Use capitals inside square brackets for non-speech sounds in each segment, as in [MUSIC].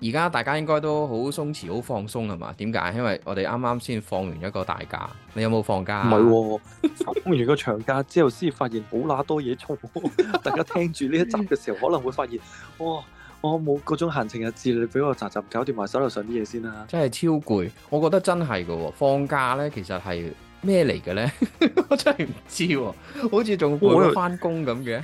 而家大家應該都好鬆弛、好放鬆係嘛？點解？因為我哋啱啱先放完一個大假，你有冇放假？唔係，放完個長假之後先發現好揦多嘢做，大家聽住呢一集嘅時候可能會發現，哇、哦，我冇嗰種閒情逸緻，你俾我集集搞掂埋手頭上啲嘢先啦。真係超攰，我覺得真係嘅喎。放假咧，其實係咩嚟嘅咧？ [LAUGHS] 我真係唔知喎，好似仲喺度翻工咁嘅。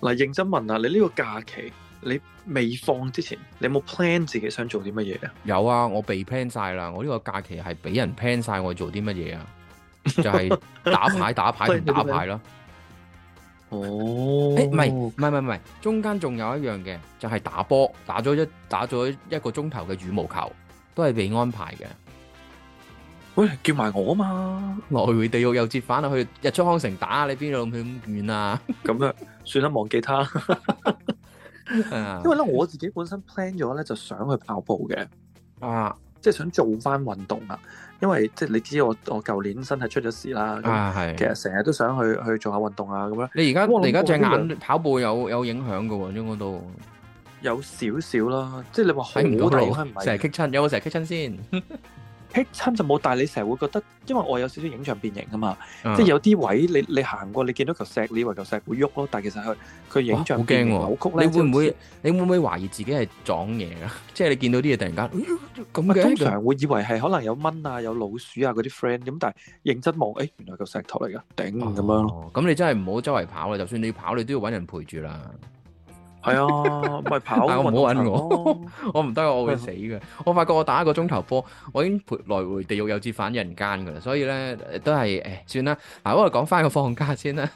嗱，認真問下你呢個假期？你未放之前，你有冇 plan 自己想做啲乜嘢啊？有啊，我被 plan 晒啦。我呢個假期係俾人 plan 晒，我做啲乜嘢啊？ [LAUGHS] 就係打牌，打牌同 [LAUGHS] 打牌咯。 [LAUGHS] 哦，唔係，欸，唔係，唔係，唔係，中間仲有一樣嘅，就係、是、打波，打咗一打咗一個鐘頭嘅羽毛球，都係被安排嘅。喂，叫埋我啊嘛！來回地獄又折返去日出康城打，你邊度去咁遠啊？咁啊，算啦，忘記他。 [LAUGHS] [LAUGHS] 因為咧我自己本身 plan 咗咧就想去跑步嘅，啊，即係想做翻運動啦。因為即係你知我我舊年身體出咗事啦，啊係，其實成日都想去去做下運動啊咁樣。你而家而家隻眼跑步有有影響嘅喎，應該都有少少啦。即係你話好唔好睇？成日激親有冇成日激親先？ [LAUGHS] 起身就冇，但係你成日會覺得，因為我有少少影像變形啊嘛，嗯、即係有啲位你你行過，你見到嚿石，石，哦，你以為嚿石會喐咯，但係其實佢佢影像好扭曲，你會唔會你會唔會懷疑自己係撞嘢啊？ [LAUGHS] 即係你見到啲嘢突然間咁啊，通常會以為係可能有蚊啊、有老鼠啊嗰啲 friend，咁但係認真望，誒、欸、原來嚿石頭嚟噶，頂咁，哦、樣咯。咁、嗯、你真係唔好周圍跑啦，就算你跑，你都要揾人陪住啦。係啊，唔係跑，唔好揾我，我唔得， [LAUGHS] 我會死嘅。 [LAUGHS] 哎、呀 我發覺我打一個鐘頭波，我已經來回地獄又至返人間噶啦，所以咧都係誒，算啦。嗱、啊，我嚟講翻個放假先啦。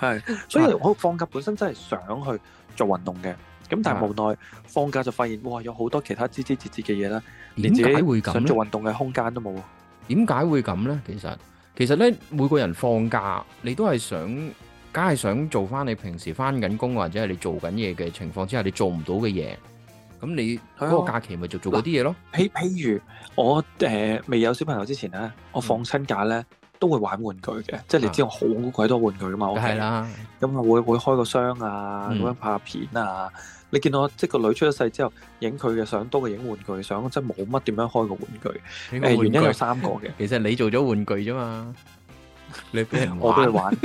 係 [LAUGHS] [LAUGHS] 所以我放假本身真係想去做運動嘅，咁但係無奈的放假就發現，哇，有好多其他枝枝節節嘅嘢啦，會連自己想做運動嘅空間都冇。點解會咁咧？其實，其實咧，每個人放假你都係想。梗係想做返你平時返緊工或者係你做緊嘢嘅情況之下，你做唔到嘅嘢，咁你嗰個假期咪就做嗰啲嘢咯。譬譬如我誒未有小朋友之前咧，我放親假咧都會玩玩具嘅，即係你知我好鬼多玩具噶嘛。係啦，咁我會會開個箱啊，咁樣拍下片啊。你見我即係個女出咗世之後，影佢嘅相多過影玩具相，真係冇乜點樣開個玩具。原因有三個嘅。其實你做咗玩具啫嘛，你俾人我都玩。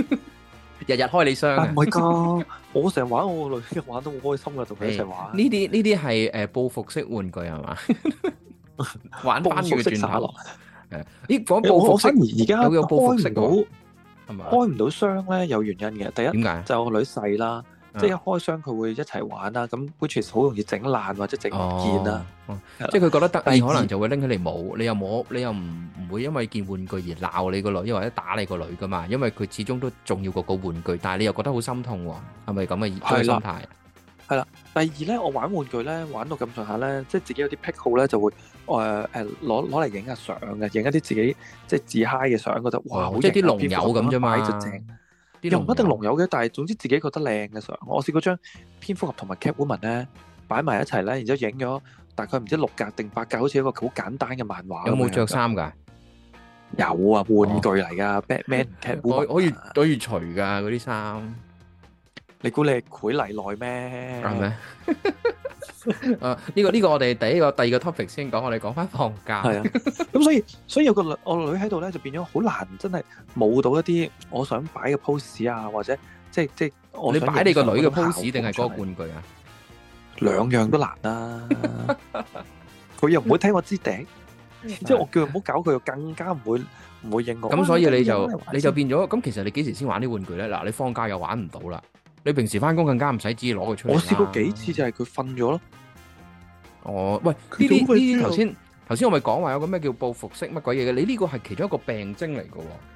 日日開你箱啊！唔係㗎，我成日玩我個女玩都好開心噶，同佢一齊玩。呢啲呢啲係誒報復式玩具係嘛？玩翻轉下落。誒，講報復式而家有開唔到，開唔到箱咧有原因嘅。第一，點解就我女細啦。即係一開箱佢會一齊玩啦、啊，咁 which 好容易整爛或者整唔見啦、啊。哦、的即係佢覺得得意，可能就會拎起嚟冇二。你又冇，你又唔唔會因為件玩具而鬧你個女，或者打你個女噶嘛？因為佢始終都重要過個玩具。但係你又覺得好心痛、啊，係咪咁嘅心態？係啦。係啦。第二咧，我玩玩具咧玩到咁上下咧，即係自己有啲癖好咧，就會誒誒攞攞嚟影下相嘅，影、呃、一啲自己即係自嗨嘅相，覺得哇！好似啲龍友咁啫嘛，最正、啊。啊又唔一定龍有嘅，但係總之自己覺得靚嘅時候，我試過將蝙蝠俠同埋 Captain 文咧擺埋一齊咧，然之後影咗大概唔知六格定八格，好似一個好簡單嘅漫畫。有冇著衫㗎？有啊，玩具嚟噶 Batman Captain，可以可以除㗎嗰啲衫。你估你係傀儡嚟咩？係咪？誒，呢個呢個我哋第一個、第二個 topic 先講，我哋講翻放假。係啊，咁所以所以個女，我女喺度咧，就變咗好難，真係冇到一啲我想擺嘅 pose 啊，或者即係即係我你擺你個女嘅 pose 定係嗰個玩具啊？兩樣都難啦，佢又唔會聽我支笛，即係我叫唔好搞，佢又更加唔會唔會應我。咁所以你就你就變咗，咁其實你幾時先玩啲玩具咧？嗱，你放假又玩唔到啦。你平時翻工更加唔使自己攞佢出嚟。我試過幾次就係佢瞓咗咯。哦，喂，呢啲呢啲頭先頭先我咪講話有個咩叫報復式乜鬼嘢嘅？你呢個係其中一個病徵嚟嘅。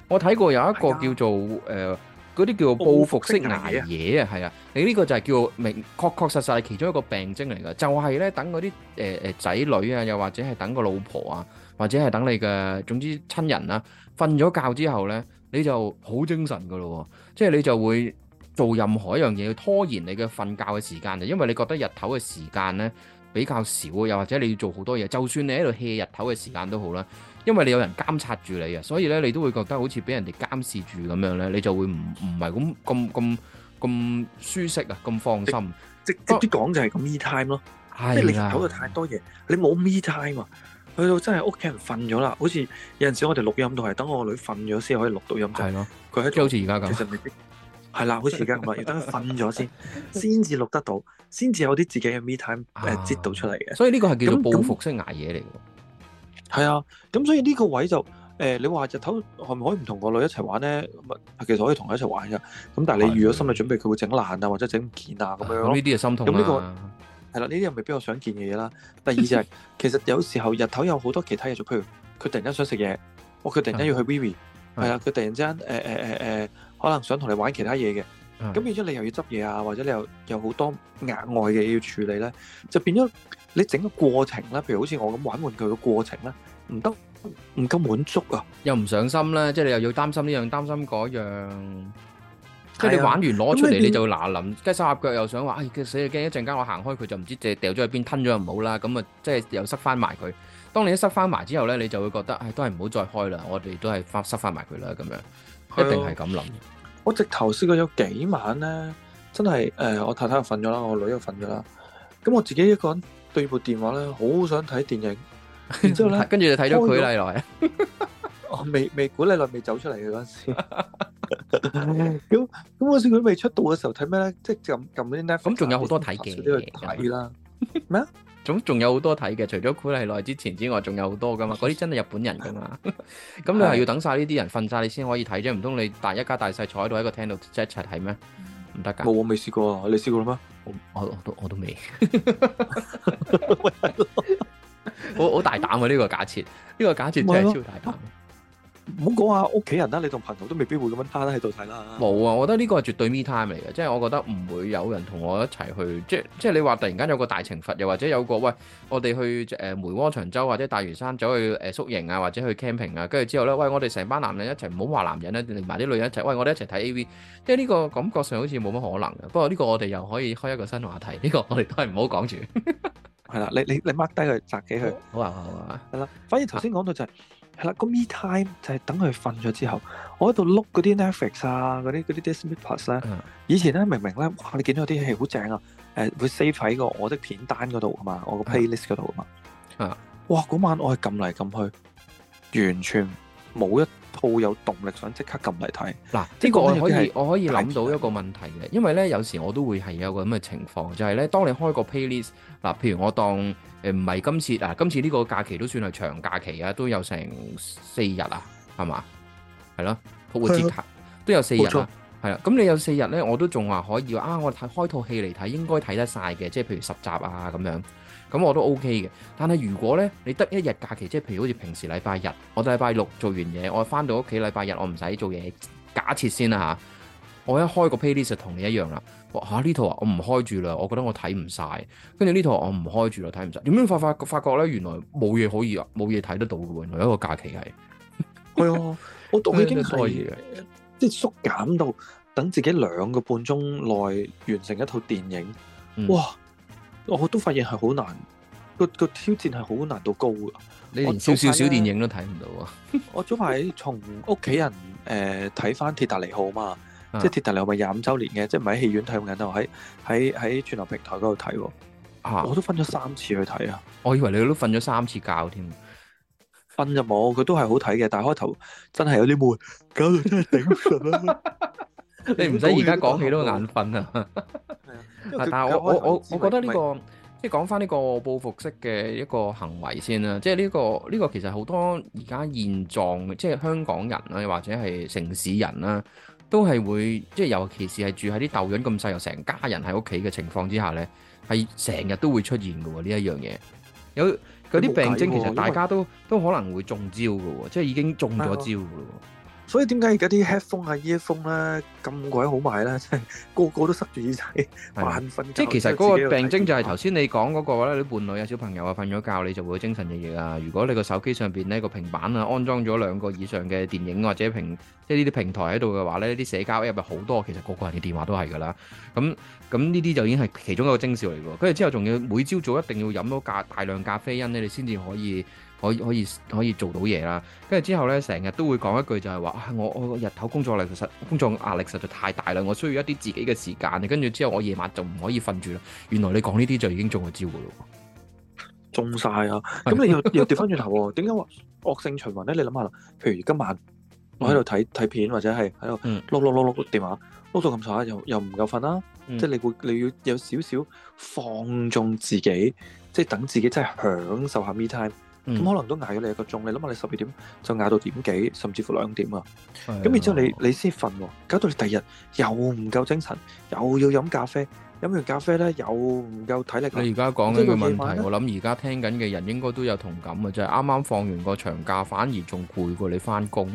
我睇過有一個叫做誒嗰啲叫做報復式捱夜啊，係啊。你呢個就係叫明確確實實係其中一個病徵嚟嘅，就係咧等嗰啲誒誒仔女啊，又或者係等個老婆啊，或者係等你嘅，總之親人啊，瞓咗覺之後咧，你就好精神噶咯，即係你就會。做任何一樣嘢要拖延你嘅瞓覺嘅時間啊，因為你覺得日頭嘅時間咧比較少，又或者你要做好多嘢，就算你喺度歇日頭嘅時間都好啦，因為你有人監察住你啊，所以咧你都會覺得好似俾人哋監視住咁樣咧，你就會唔唔係咁咁咁咁舒適啊，咁放心。直啲講就係咁，me time 咯。係啊的，即係你日頭太多嘢，你冇 me time 啊。去到真係屋企人瞓咗啦，好似有陣時我哋錄音都係等我個女瞓咗先可以錄到音。係咯的，佢喺即好似而家咁。 [LAUGHS] 係啦，好時間唔係要等佢瞓咗先，先至錄得到，先至有啲自己嘅 me time 誒、呃，擠到、啊、出嚟嘅。所以呢個係叫做報復，即係捱夜嚟嘅。係啊，咁所以呢個位就誒、呃，你話日頭可唔可以唔同個女一齊玩咧？咁啊，其實可以同佢一齊玩噶。咁但係你預咗心理準備，佢會整爛啊，或者整唔見啊咁樣。呢啲係心痛咁呢啦。係啦、呢個，呢啲係咪比較想見嘅嘢啦？第二就係、是， [LAUGHS] 其實有時候日頭有好多其他嘢做，譬如佢突然間想食嘢，哦，佢突然間要去 Vivy，係啦，佢突然間誒誒誒誒。呃呃呃呃呃呃呃呃可能想同你玩其他嘢嘅，咁變咗你又要執嘢啊，或者你又有好多額外嘅嘢要處理咧，就變咗你整個過程咧，譬如好似我咁玩玩具嘅過程咧，唔得，唔夠滿足啊，又唔上心咧，即係你又要擔心呢樣，擔心嗰樣，即係你玩完攞出嚟你就嗱臨，雞手鴨腳又想話，唉，死啊驚！一陣間我行開佢就唔知擲掉咗去邊，吞咗又唔好啦，咁啊，即係又塞翻埋佢。當你一塞翻埋之後咧，你就會覺得，唉，都係唔好再開啦，我哋都係翻塞翻埋佢啦，咁樣，一定係咁諗。我直頭試過有幾晚咧，真係誒，我太太又瞓咗啦，我女又瞓咗啦，咁我自己一個人對部電話咧，好想睇電影，然之後咧，跟住就睇咗佢例來，我未未古例來未走出嚟嘅嗰陣時，咁咁嗰時佢未出道嘅時候睇咩咧？即係撳撳嗰啲 Netflix，咁仲有好多睇嘅都要睇啦，咩啊？總仲有好多睇嘅，除咗《苦莉來》之前之外，仲有好多噶嘛，嗰啲真係是日本人噶嘛，咁 [LAUGHS] 你係要等晒呢啲人瞓晒，你先可以睇啫，唔通你大一家大細坐喺度喺個廳度一齊睇咩？唔得㗎。冇，我未試過。你試過啦咩？我我我都我都未。 [LAUGHS] [LAUGHS] [LAUGHS] 好，好大膽啊！呢個假設，呢個假設真係超大膽啊。 [LAUGHS] 唔好講下屋企人啦，你同朋友都未必會咁樣攤喺度睇啦。冇啊，我覺得呢個係絕對 me time 嚟嘅，即係我覺得唔會有人同我一齊去，即係即係你話突然間有個大懲罰，又或者有個喂，我哋去誒梅窩長洲或者大嶼山走去誒宿營啊，或者去 camping 啊，跟住之後咧，喂，我哋成班男人一齊唔好話男人咧，連埋啲女人一齊，喂，我哋一齊睇 AV，即係呢個感覺上好似冇乜可能。不過呢個我哋又可以開一個新話題，呢個我哋都係唔好講住，係啦，你你你 mark 低佢，擲起佢，好啊，好啊，係啦。反而頭先講到就係。係啦，個 me time 就係等佢瞓咗之後，我喺度碌嗰啲 Netflix 啊，嗰啲嗰啲 Disney Plus 咧。以前咧明明咧，哇！你見到有啲戲好正啊，誒、呃、會 save 喺個我的片單嗰度係嘛，我個 playlist 嗰度啊嘛。嗯嗯、哇！嗰晚我係撳嚟撳去，完全。冇一套有動力想即刻撳嚟睇嗱，呢、啊，這個我可以我可以諗到一個問題嘅。因為咧有時我都會係有個咁嘅情況，就係、是、咧當你開個 playlist 嗱、啊，譬如我當誒唔係今次啊，今次呢個假期都算係長假期啊，都有成四日啊，係嘛係咯，復活節假都有四日啊，係啦錯。咁你有四日咧，我都仲話可以啊，我睇開套戲嚟睇應該睇得晒嘅，即係譬如十集啊咁樣。咁我都 O K 嘅，但係如果咧，你得一日假期，即係譬如好似平時禮拜日，我禮拜六做完嘢，我翻到屋企禮拜日我唔使做嘢。假設先啦、啊、嚇，我一開個 playlist 就同你一樣啦。我呢套啊，我唔開住啦，我覺得我睇唔晒。跟住呢套我唔開住啦，睇唔晒。點樣發發發覺咧？原來冇嘢可以啊，冇嘢睇得到嘅。原來一個假期係，係啊，我我已經可以 [NOISE] 即係縮減到等自己兩個半鐘內完成一套電影。哇！嗯我都發現係好難，個個挑戰係好難度高噶。你連少少小，小，小電影都睇唔到啊！ [LAUGHS] 我早排從屋企人誒睇翻《呃、鐵達尼號》嘛，啊、即係《鐵達尼號》咪廿五周年嘅，即係唔係喺戲院睇，我喺喺喺串流平台嗰度睇喎。啊、我都分咗三次去睇啊！我以為你都瞓咗三次覺添。瞓就冇，佢都係好睇嘅，但係開頭真係有啲悶，搞到真係頂唔順。 [LAUGHS] 你唔使而家講起都眼瞓啊！ [LAUGHS] 但係我我我我覺得呢個即係是講翻呢個報復式嘅一個行為先啦，即係呢個呢個其實好多而家現狀，即係香港人啊，或者係城市人啊，都係會即係尤其是係住喺啲豆潤咁細又成家人喺屋企嘅情況之下呢，係成日都會出現嘅喎呢一樣嘢。有有啲病徵其實大家都為都可能會中招嘅喎，即係已經中咗招嘅咯。所以點解而家啲 headphone 啊、earphone 咧咁鬼好賣咧？真 [LAUGHS] 係個個都塞住耳仔，晚瞓的。即係其實嗰個病徵就係頭先你講嗰、嗰個咧，哦、你伴侶啊、小朋友啊瞓咗覺，你就會精神奕奕啊。如果你個手機上邊呢個平板啊，安裝咗兩個以上嘅電影或者平，即係呢啲平台喺度嘅話咧，啲社交 app 好多，其實個個人嘅電話都係㗎啦。咁咁呢啲就已經係其中一個徵兆嚟嘅。跟住之後仲要每朝早一定要飲到咖大量咖啡因咧，你先至可以。可以可以可以做到嘢啦，跟住之後咧，成日都會講一句就係話：啊，我我日頭工作力實工作壓力實在太大啦，我需要一啲自己嘅時間。跟住之後，我夜晚就唔可以瞓住啦。原來你講呢啲就已經中咗招嘅咯，中晒啊！咁你又又調翻轉頭，點解話惡性循環咧？你諗下啦，譬如今晚我喺度睇睇片，或者係喺度碌碌碌碌電話碌到咁上下，又又唔夠瞓啦。即係你會你要有少少放縱自己，即係等自己真係享受下 me time。咁可能都捱咗你一個鐘，你諗下你十二點就捱到點幾，甚至乎兩點啊！咁然之後你你先瞓喎，搞到你第二日又唔夠精神，又要飲咖啡，飲完咖啡咧又唔夠體力。你而家講呢個問題，我諗而家聽緊嘅人應該都有同感啊！就係啱啱放完個長假，反而仲攰過你返工。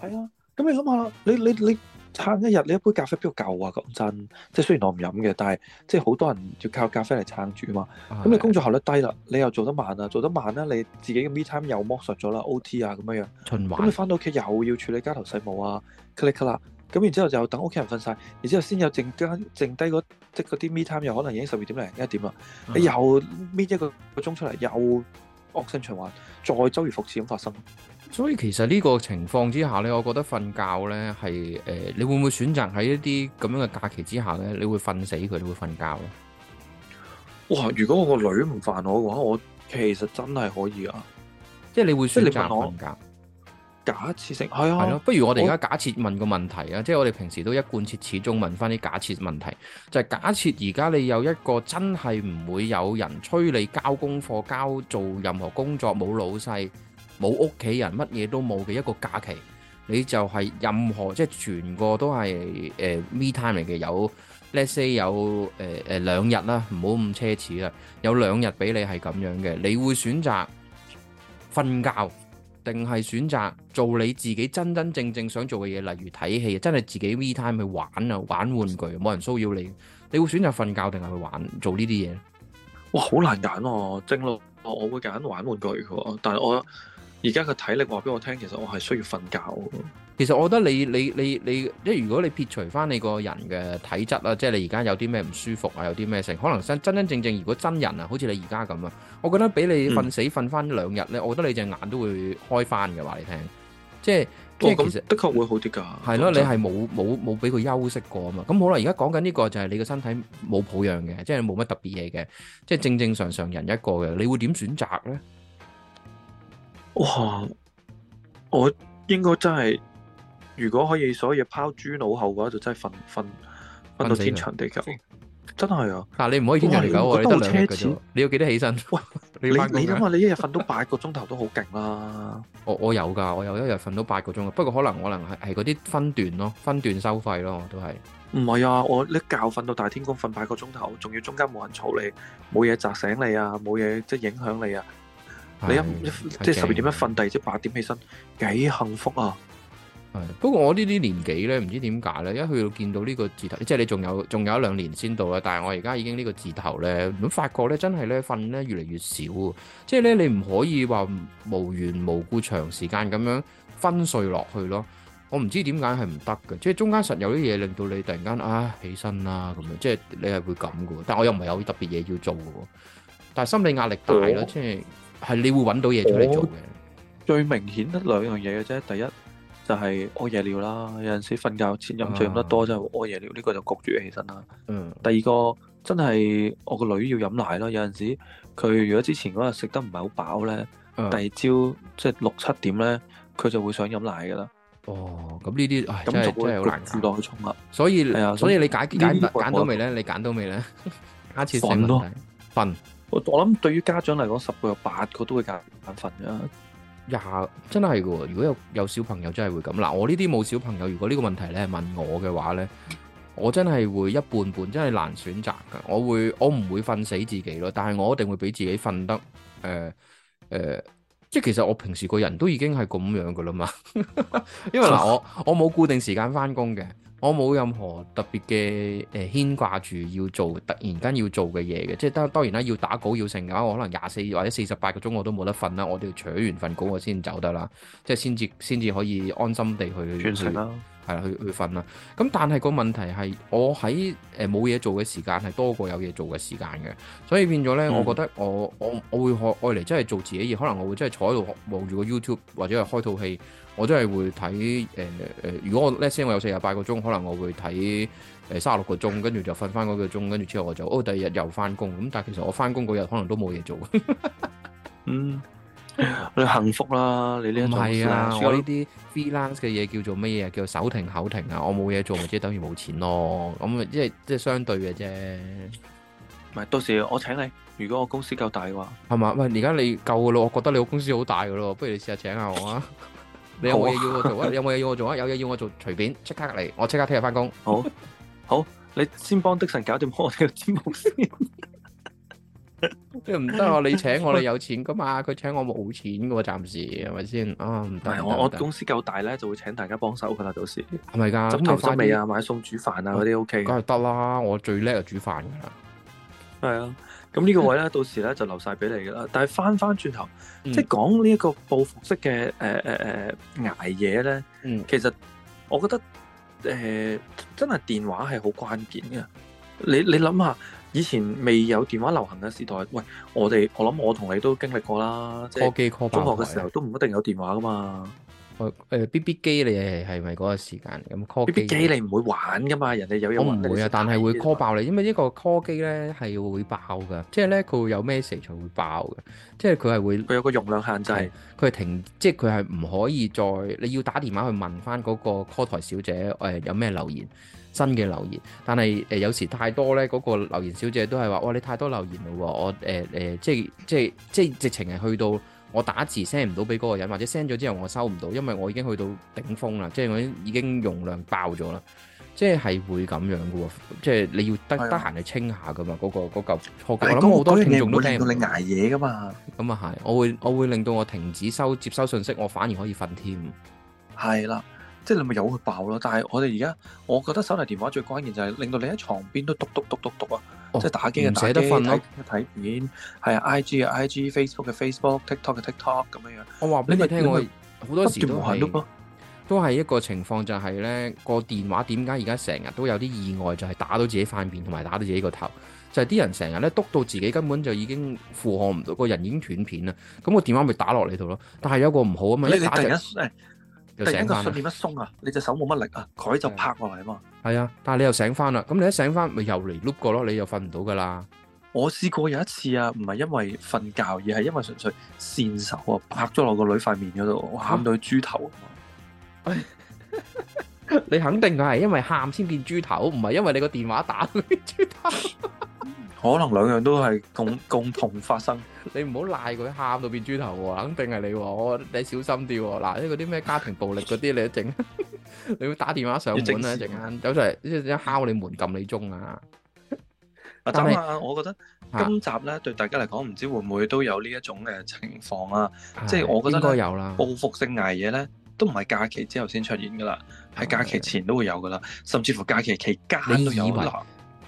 係啊，咁你諗下，你你你。撐一日你一杯咖啡邊度夠啊！講真，即係雖然我唔飲嘅，但係即係好多人要靠咖啡嚟撐住啊嘛。咁、啊、你工作效率低啦，你又做得慢啊，做得慢啦，你自己嘅 me time 又磨蝕剝削咗啦，OT 啊咁樣樣。循環。咁你返到屋企又要處理家頭細務啊，咳嚟咳啦。咁然之後就等屋企人瞓晒，然之後先有剩間剩低嗰即啲 me time 又可能已經十二點零一點啦。嗯、你又搣一個鐘出嚟，又惡性循環，再周而復始咁發生。所以其實呢個情況之下呢，我覺得瞓覺呢係誒、呃，你會唔會選擇喺一啲咁樣嘅假期之下呢？你會瞓死佢，你會瞓覺哇！如果我個女唔煩我嘅話，我其實真係可以啊。即係你會選擇瞓覺，假設性係啊，不如我哋而家假設問個問題啊，我即係我哋平時都一貫徹始終問翻啲假設問題，就係、是、假設而家你有一個真係唔會有人催你交功課、交做任何工作，冇老細。冇屋企人，乜嘢都冇嘅一個假期，你就係任何即係全個都係誒 me time 嚟嘅。有 Let's say 有誒誒兩日啦，唔好咁奢侈啦，有兩日俾你係咁樣嘅，你會選擇瞓覺定係選擇做你自己真真正正想做嘅嘢，例如睇戲，真係自己 me time 去玩啊，玩玩具，冇人騷擾你。你會選擇瞓覺定係去玩做呢啲嘢咧？哇，好難揀哦，精咯，我會揀玩玩具嘅，但係我。而家個體力話俾我聽，其實我係需要瞓覺。其實我覺得你你你你，即如果你撇除翻你個人嘅體質啊，即係你而家有啲咩唔舒服啊，有啲咩性，可能真真真正正，正，如果真人啊，好似你而家咁啊，我覺得俾你瞓死瞓翻兩日咧，我覺得你隻眼都會開翻嘅，話你聽，即係、哦、即係其實、哦、的確會好啲噶。係咯的，你係冇冇冇俾佢休息過啊嘛。咁好啦，而家講緊呢個就係你個身體冇抱恙嘅，即係冇乜特別嘢嘅，即係正正常常人一個嘅，你會點選擇咧？哇！我應該真係，如果可以，所有嘢拋諸腦後嘅話，就真係瞓瞓瞓到天長地久，真係啊！但係你唔可以天長地久啊，你得兩日哇你要記得起身？哇 [LAUGHS] 你你點啊？你，你一日瞓到八個鐘頭都好勁啦！我我有噶，我有一日瞓到八個鐘，不過可能可能係係嗰啲分段咯，分段收費咯，都係。唔係啊！我一覺瞓到大天光，瞓八個鐘頭，仲要中間冇人吵你，冇嘢扎醒你啊，冇嘢即係影響你啊！你一即係十二點一瞓，第二朝八點起身，幾幸福啊！係，不過我呢啲年紀咧，唔知點解咧，一去到見到呢個字頭，即係你仲有仲有一兩年先到啦。但係我而家已經呢個字頭咧，咁發覺咧，真係咧，瞓咧越嚟越少。即係咧，你唔可以話無緣無故長時間咁樣昏睡落去咯。我唔知點解係唔得嘅，即係中間實有啲嘢令到你突然間啊起身啦咁樣。即係你係會咁嘅，但我又唔係有特別嘢要做嘅，但係心理壓力大咯，即係。係你會搵到嘢出嚟做嘅。最明顯得兩樣嘢嘅啫，第一就係屙夜尿啦，有陣時瞓覺前飲醉飲得多就係會屙夜尿，呢個就焗住起身啦。嗯。第二個真係我個女要飲奶咯，有陣時佢如果之前嗰日食得唔係好飽咧，第二朝即係六七點咧，佢就會想飲奶噶啦。哦，咁呢啲真係真係好難。所以係啊，所以你解解決揀到未咧？你揀到未咧？一次性瞓多瞓。我諗對於家長嚟講，十個有八個都會夾眼瞓啦。廿、yeah, 真係噶，如果有有小朋友真係會咁。嗱，我呢啲冇小朋友。如果呢個問題你係問我嘅話咧，我真係會一半半，真係難選擇噶。我會我唔會瞓死自己咯？但係我一定會俾自己瞓得誒誒、呃呃，即係其實我平時個人都已經係咁樣噶啦嘛。 [LAUGHS] [LAUGHS] 因為嗱，我我冇固定時間翻工嘅。我冇任何特別嘅誒牽掛住要做，突然間要做嘅嘢嘅，即當然啦，要打稿要成嘅，我可能廿四或者四十八個鐘我都冇得瞓啦，我都要取完份稿我先走得啦，即係先至可以安心地去完成係啦，去去瞓啦。咁但係個問題係，我喺誒冇嘢做嘅時間係多過有嘢做嘅時間嘅，所以變咗咧，嗯、我覺得我我我會愛嚟真係做自己嘢、呃呃呃，可能我會真係坐喺度望住個 YouTube 或者係開套戲，我真係會睇誒誒。如果我叻先，我有四十八個鐘，可能我會睇誒三十六個鐘，跟住就瞓翻嗰個鐘，跟住之後我就哦第二日又翻工。咁但係其實我翻工嗰日可能都冇嘢做。 [LAUGHS] 嗯。你幸福啦！你呢啲唔係啊，我呢啲 freelance 嘅嘢叫做咩嘢？叫做手停口停啊！我冇嘢做，即係等於冇錢咯。咁啊，即係即係相對嘅啫。唔係，到時我請你。如果我公司夠大嘅話，係嘛？喂，而家你夠噶咯，我覺得你個公司好大噶咯。不如你試下請下我啊！你有冇嘢要我做啊？有冇嘢要我做啊？有嘢要我做，隨便，即刻嚟，我即刻聽日翻工。好，好，你先幫迪神搞掂我呢個節目先。即係唔得啊！你請我，你有錢噶嘛？佢請我冇錢噶喎，暫時係咪先？啊，唔係我我公司夠大咧，就會請大家幫手噶啦，到時係咪噶？執頭執尾啊，買餸煮飯啊，嗰啲 O K。梗係得啦，我最叻就煮飯噶啦。係啊，咁呢個位咧，到時咧就留晒俾你噶啦。但係翻翻轉頭，即係講呢一個報復式嘅誒誒誒挨夜咧。嗯，其實我覺得誒真係電話係好關鍵嘅。你你諗下。以前未有電話流行嘅時代，喂，我哋我諗我同你都經歷過啦，即係中學嘅時候都唔一定有電話噶嘛。誒、呃、b b 機你係係咪嗰個時間？咁 BB 機你唔會玩噶嘛？人哋有有我唔會啊，但係會 call 爆你，因為呢個 call 機咧係會爆噶，即係咧佢會有咩 e s s 會爆嘅，即係佢係會佢有個容量限制，佢係停，即係佢係唔可以再你要打電話去問翻嗰個 call 台小姐，誒、哎、有咩留言。新嘅留言，但係誒、呃、有時太多咧，嗰、那個留言小姐都係話：哇，你太多留言嘞喎！我誒誒、呃呃，即係即係即係直情係去到我打字 send 唔到俾嗰個人，或者 send 咗之後我收唔到，因為我已經去到頂峰啦，即係我已經容量爆咗啦，即係係會咁樣噶喎！即係你要得得、啊、閒去清下噶嘛，嗰、那個嗰嚿錯覺啦。咁、那、好、個、那多、那個、聽眾都聽到你捱嘢噶嘛？咁啊係，我會我會令到我停止收接收信息，我反而可以瞓添。係啦。即係你咪有佢爆咯，但係我哋而家，我覺得手提電話最關鍵就係令到你喺床邊都篤篤篤篤篤啊，即係打機嘅，打機啊，睇睇片，係啊，I G 啊，I G，Facebook 嘅 Facebook，TikTok 嘅 TikTok 咁樣樣。不我話俾你聽，我好多時都係都係一個情況就呢，就係咧個電話點解而家成日都有啲意外，就係打到自己塊面同埋打到自己個頭，就係、是、啲人成日咧篤到自己根本就已經負荷唔到，個人已經斷片啦。咁、嗯、個電話咪打落你度咯。但係有個唔好啊嘛，你打一著。但係個睡眠一鬆啊，你隻手冇乜力啊，佢就拍落嚟嘛。係啊，但係你又醒翻啦，咁你一醒翻，咪又嚟碌過咯，你又瞓唔到噶啦。我試過有一次啊，唔係因為瞓覺，而係因為純粹線手啊，拍咗落個女塊面嗰度，喊到豬頭啊嘛。你肯定佢係因為喊先變豬頭，唔係因為你個電話打到佢豬頭。可能兩樣都係共共同發生。你唔好賴佢喊到變豬頭喎，肯定係你喎。我你小心啲喎。嗱，呢個啲咩家庭暴力嗰啲你都整，你要打電話上門啊，陣間走出嚟一敲你門、撳你鐘啊。但係我覺得今集咧對大家嚟講，唔知會唔會都有呢一種嘅情況啊？即係我覺得應該有啦。報復性捱夜咧，都唔係假期之後先出現噶啦，喺假期前都會有噶啦，甚至乎假期期間都有。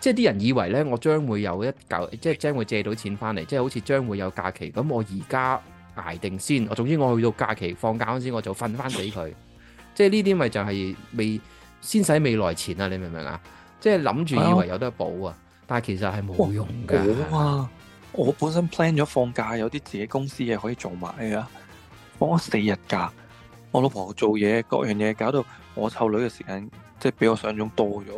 即係啲人以為咧，我將會有一嚿，即係將會借到錢翻嚟，即係好似將會有假期。咁我而家捱定先。我總之我去到假期放假嗰陣時，我就瞓翻俾佢。 [LAUGHS] 即係呢啲咪就係未先使未來錢啊！你明唔明啊？即係諗住以為有得補啊， [LAUGHS] 但係其實係冇用㗎。我啊，我本身 plan 咗放假有啲自己公司嘢可以做埋啊，放咗四日假。我老婆做嘢，各樣嘢搞到我湊女嘅時間，即係比我想象中多咗。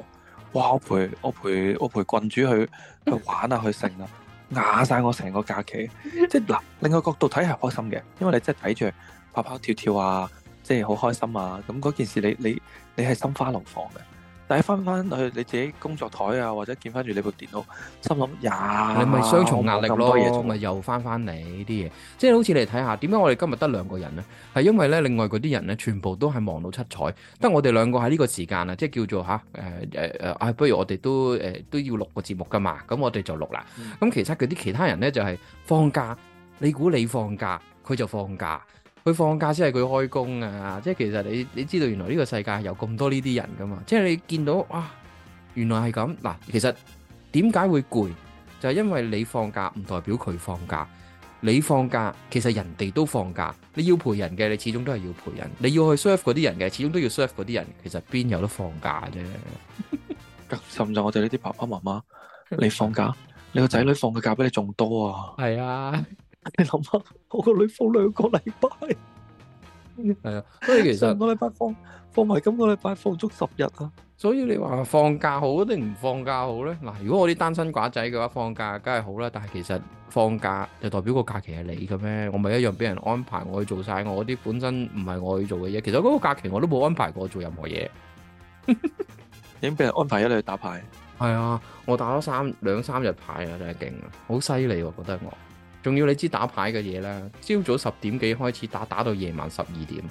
哇！我陪我陪我陪郡主去去玩啊，去成啊，壓晒我成個假期。即係嗱、啊，另外角度睇係開心嘅，因為你真係睇住佢跑跑跳跳啊，即係好開心啊！咁、嗯、嗰件事你，你你你係心花怒放嘅。第一翻翻去你自己工作台啊，或者見翻住你部電腦，心諗呀，你咪雙重壓力咯，同埋又翻翻嚟啲嘢，即、就、係、是、好似你睇下，點解我哋今日得兩個人呢？係因為呢，另外嗰啲人呢，全部都係忙到七彩，得我哋兩個喺呢個時間啊，即係叫做吓，誒誒誒，不如我哋都誒、啊、都要錄個節目噶嘛，咁我哋就錄啦。咁、嗯、其他嗰啲其他人呢，就係、是、放假，你估你放假，佢就放假。佢放假先係佢開工啊！即係其實你你知道原來呢個世界有咁多呢啲人噶嘛，即係你見到哇，原來係咁。嗱，其實點解會攰？就係因為你放假唔代表佢放假。你放假其實人哋都放假。你要陪人嘅，你始終都係要陪人。你要去 serve 嗰啲人嘅，始終都要 serve 嗰啲人。其實邊有得放假啫？咁甚至我哋呢啲爸爸媽媽，你放假，你個仔女放嘅假比你仲多啊！係啊。你諗下，我個女放兩個禮拜，係啊，所以其實上個禮拜放放埋今個禮拜，放足十日啊。所以你話放假好定唔放假好咧？嗱，如果我啲單身寡仔嘅話，放假梗係好啦。但係其實放假就代表個假期係你嘅咩？我咪一樣俾人安排我去做晒我啲本身唔係我去做嘅嘢。其實嗰個假期我都冇安排過做任何嘢。已經俾人安排咗你去打牌，係啊，我打咗三兩三日牌啊，真係勁啊，好犀利喎，我覺得我。仲要你知打牌嘅嘢啦，朝早十點幾開始打，打到夜晚十二點，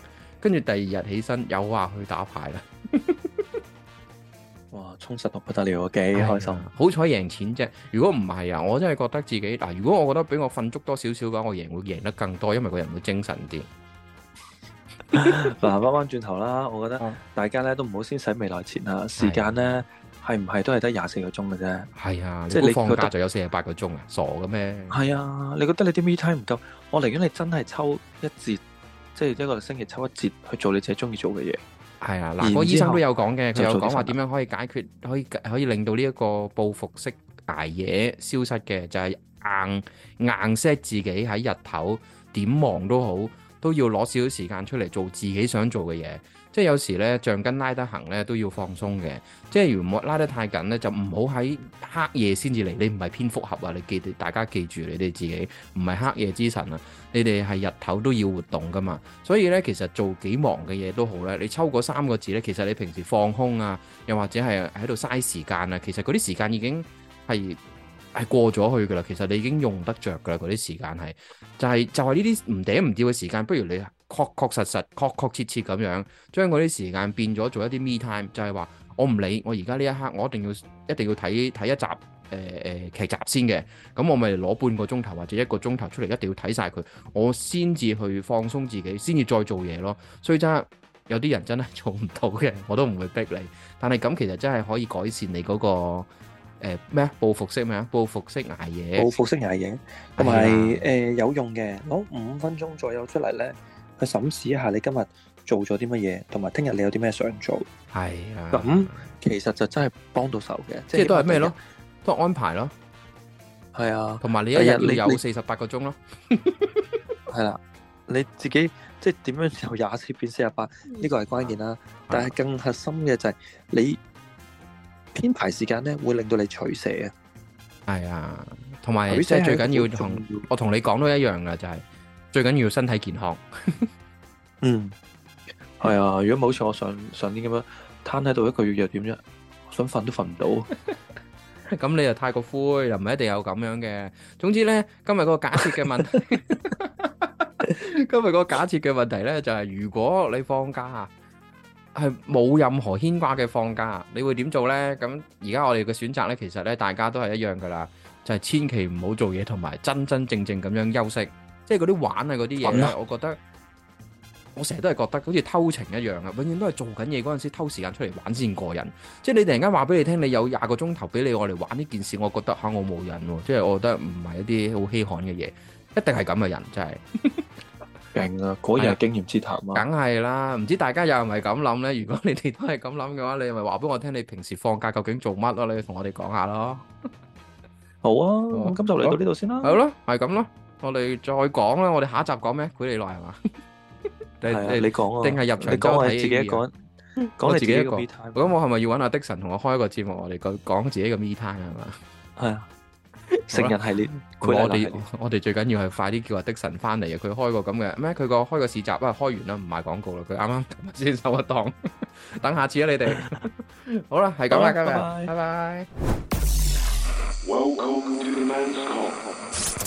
跟住第二日起身又話去打牌啦。 [LAUGHS] 哇，充實到不得了，我幾開心！哎、好彩贏錢啫，如果唔係啊，我真係覺得自己嗱，如果我覺得俾我瞓足多少少嘅話，我贏會贏得更多，因為個人會精神啲。嗱、 [LAUGHS] 啊，彎彎轉頭啦，我覺得大家咧都唔好先使未來錢啊，哎、呀時間咧。係唔係都係得廿四個鐘嘅啫？係啊，即係你，你放假就有四十八個鐘啊？傻嘅咩？係啊，你覺得你啲 me time 唔夠？我寧願你真係抽一節，即係一個星期抽一節去做你自己中意做嘅嘢。係啊，嗱後，我醫生都有講嘅，佢有講話點樣可以解決，可以可以令到呢一個報復式捱夜消失嘅，就係硬硬 set 自己喺日頭點忙都好，都要攞少少時間出嚟做自己想做嘅嘢，即係有時呢，橡筋拉得行呢都要放鬆嘅，即係如果拉得太緊呢，就唔好喺黑夜先至嚟，你唔係蝙蝠俠啊！你記，大家記住你哋自己唔係黑夜之神啊！你哋係日頭都要活動㗎嘛，所以呢，其實做幾忙嘅嘢都好啦，你抽嗰三個字呢，其實你平時放空啊，又或者係喺度嘥時間啊，其實嗰啲時間已經係。係過咗去㗎啦，其實你已經用得着㗎啦，嗰啲時間係就係就係呢啲唔嗲唔吊嘅時間，不如你確確實實、確確切切咁樣將嗰啲時間變咗做一啲 me time，就係話我唔理我而家呢一刻，我一定要一定要睇睇一集誒誒劇集先嘅，咁我咪攞半個鐘頭或者一個鐘頭出嚟，一定要睇晒佢，我先至去放鬆自己，先至再做嘢咯。所以真係有啲人真係做唔到嘅，我都唔會逼你。但係咁其實真係可以改善你嗰個。誒咩啊？報復式咩啊？報復式捱夜，報復式捱夜，同埋誒有用嘅。攞五分鐘左右出嚟咧，去審視一下你今日做咗啲乜嘢，同埋聽日你有啲咩想做。係啊，咁其實就真係幫到手嘅，即係都係咩咯？都係安排咯。係啊，同埋你一日要有四十八個鐘咯。係啦，你自己即係點樣由廿四變四十八？呢個係關鍵啦。但係更核心嘅就係你。編排時間咧，會令到你取捨啊！係啊，同埋取捨最緊要同我同你講都一樣噶，就係最緊要身體健康。嗯，係啊。如果冇好似我上上年咁樣攤喺度一個月又點啫？想瞓都瞓唔到。咁你又太過灰，又唔係一定有咁樣嘅。總之咧，今日嗰個假設嘅問題，今日嗰個假設嘅問題咧，就係如果你放假啊。係冇任何牽掛嘅放假，你會點做呢？咁而家我哋嘅選擇呢，其實呢大家都係一樣噶啦，就係、是、千祈唔好做嘢同埋真真正正咁樣休息。即係嗰啲玩啊嗰啲嘢，了我覺得我成日都係覺得好似偷情一樣啊！永遠都係做緊嘢嗰陣時，偷時間出嚟玩先過癮。即係你突然間話俾你聽，你有廿個鐘頭俾你我嚟玩呢件事，我覺得嚇、啊、我冇癮喎。即係我覺得唔係一啲好稀罕嘅嘢，一定係咁嘅人真係。 [LAUGHS] 明啊，嗰日經驗之談啊，梗係啦，唔知大家又係咪咁諗咧？如果你哋都係咁諗嘅話，你咪話俾我聽，你平時放假究竟做乜咯？你同我哋講下咯。好啊，咁今集嚟到呢度先啦。好咯，係咁咯，我哋再講啦。我哋下一集講咩？舉例來係嘛？係你講啊，定係入場講？你講，講你自己一個。講你自己一個。咁我係咪要揾阿迪神同我開一個節目嚟講講自己嘅 me time 係嘛？係啊。成日系列，我哋我哋最緊要係快啲叫阿迪神返嚟啊！佢開個咁嘅咩？佢個開個市集啊，開完啦，唔賣廣告啦。佢啱啱先收一檔， [LAUGHS] 等下次啊！你哋 [LAUGHS] 好啦，係咁啦，今日拜拜。